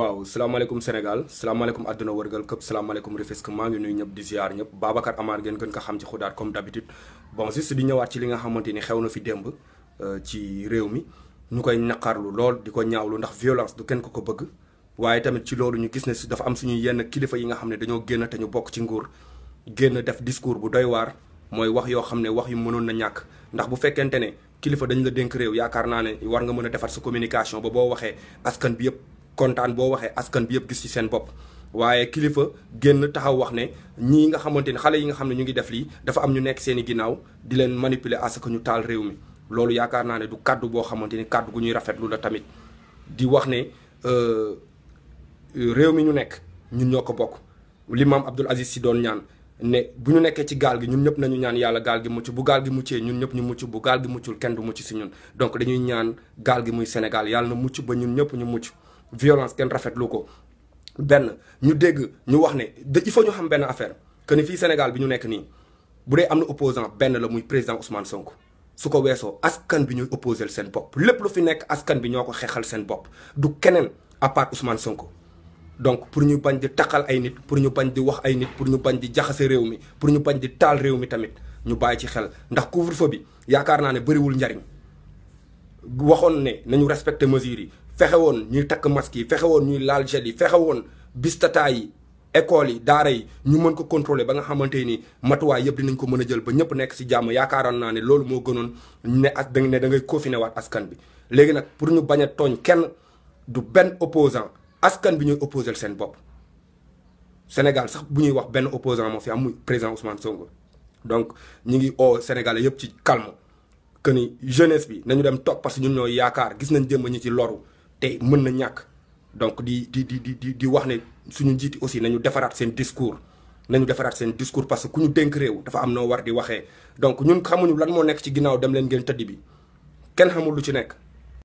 waaw salaamaaleykum Sénégal salaamaaleykum àdduna wërgal këpp salaamaaleykum Rufisque maa ngi nuyu ñëpp di ziar ñëpp Babacar Amar ngeen gën ko xam ci xudaar comme d'habitude bon juste di ñëwaat ci li nga xamante ni xew na fi démb euh, ci réew mi ñu koy naqarlu lool di ko ñaawlu ndax violence du kenn ko ko bëgg waaye tamit ci loolu ñu gis ne si dafa am suñu yenn kilifa yi nga xam ne dañoo génn te ñu bokk ci nguur génn def discours bu doy waar mooy wax yoo xam ne wax yu mënoon na ñàkk ndax bu fekkente ne kilifa dañ la dénk réew yaakaar naa ne war nga mën a defar sa communication ba boo waxee askan bi yëpp kontan bo waxe askan bi yeb gis ci sen bop waye kilifa genn taxaw wax ne ñi nga xamanteni xalé yi nga xamne ñu ngi def li dafa am ñu nekk seen ginaaw di len manipuler à ñu taal mi du kaddu bo xamanteni kaddu gu ñuy lu la tamit di wax ne euh, réew mi ñu nekk ñun ñoko bok li Aziz si doon ñaan ne bu ñu nyunyop ci gal gi ñun ñëpp nañu ñaan yalla gal gi muccu bu gal gi muccé ñun ñëpp ñu muccu bu gal gi muccul kenn du muccu ci ñun donc dañuy ñaan gal gi muy Sénégal yalla na muccu ba ñun ñu muccu violence kenn rafet loko ben ñu dégg ñu wax né il faut ñu xam ben affaire que ni fi Sénégal bi ñu nek ni bu dé amna opposant ben la muy président Ousmane Sonko suko wesso askan bi ñuy opposé sen bop lepp lu fi nek askan bi ñoko xéxal sen bop du kenen à part Ousmane Sonko. donc pour ñu bañ di takal ay nit pour ñu bañ di wax ay nit pour ñu bañ di jaxassé réew mi pour ñu bañ di tal réew mi tamit ñu bay ci xel ndax couvre-feu bi na né ne wul njariñ waxon né nañu respecter mesures yi fexe woon ñuy takk masque yi fexe woon ñuy laal gel yi fexe woon bistata yi école yi daara yi ñu mën ko contrôler ba nga xamante ni matuwaay yëpp dinañ ko mën a jël ba ñëpp nekk si jàmm yaakaaroon naa ne loolu moo gënoon ne ak da ne da ngay waat askan bi. léegi nag pour ñu bañ a tooñ kenn du benn opposant askan bi ñuy opposel seen bopp Sénégal sax bu ñuy wax benn opposant moo fi am muy président Ousmane Sonko donc ñu ngi oo Sénégalais yëpp ci calme que ni jeunesse bi nañu dem toog parce que ñun ñoo yaakaar gis nañ jëmm ñi ci loru. te mën na ñàkk donc di di di di di wax ne suñu njiiti aussi nañu defaraat seen discours nañu defaraat seen discours parce que ku ñu dénk réew dafa am noo war di waxee donc ñun xamuñu lan moo nekk ci ginnaaw dem leen ngeen tëdd bi kenn xamul lu ci nekk